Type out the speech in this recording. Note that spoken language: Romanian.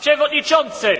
przewodniczący!